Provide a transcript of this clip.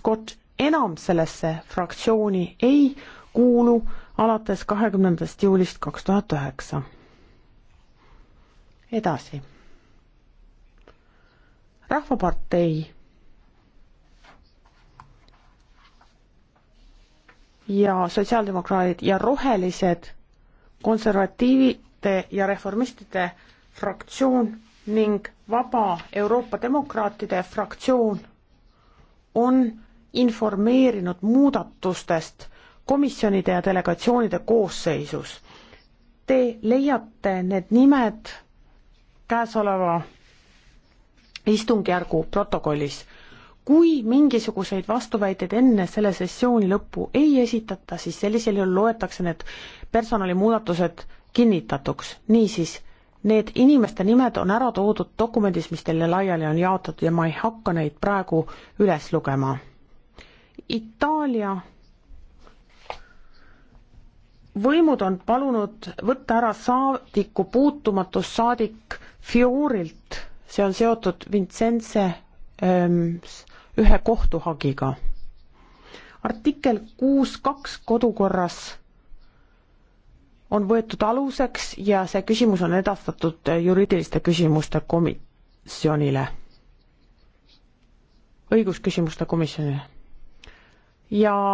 Scott enam sellesse fraktsiooni ei kuulu alates kahekümnendast juulist kaks tuhat üheksa. edasi. rahvapartei ja sotsiaaldemokraadid ja rohelised, konservatiivide ja reformistide fraktsioon ning Vaba Euroopa Demokraatide fraktsioon on informeerinud muudatustest komisjonide ja delegatsioonide koosseisus. Te leiate need nimed käesoleva istungjärgu protokollis. kui mingisuguseid vastuväiteid enne selle sessiooni lõppu ei esitata, siis sellisel juhul loetakse need personalimuudatused kinnitatuks, niisiis need inimeste nimed on ära toodud dokumendis, mis teile laiali on jaotatud ja ma ei hakka neid praegu üles lugema Itaalia võimud on palunud võtta ära saadiku puutumatus saadik Fiorilt, see on seotud Vincenze ähm, ühe kohtuhagiga. artikkel kuus kaks kodukorras on võetud aluseks ja see küsimus on edastatud äh, juriidiliste küsimuste komisjonile, õigusküsimuste komisjonile ja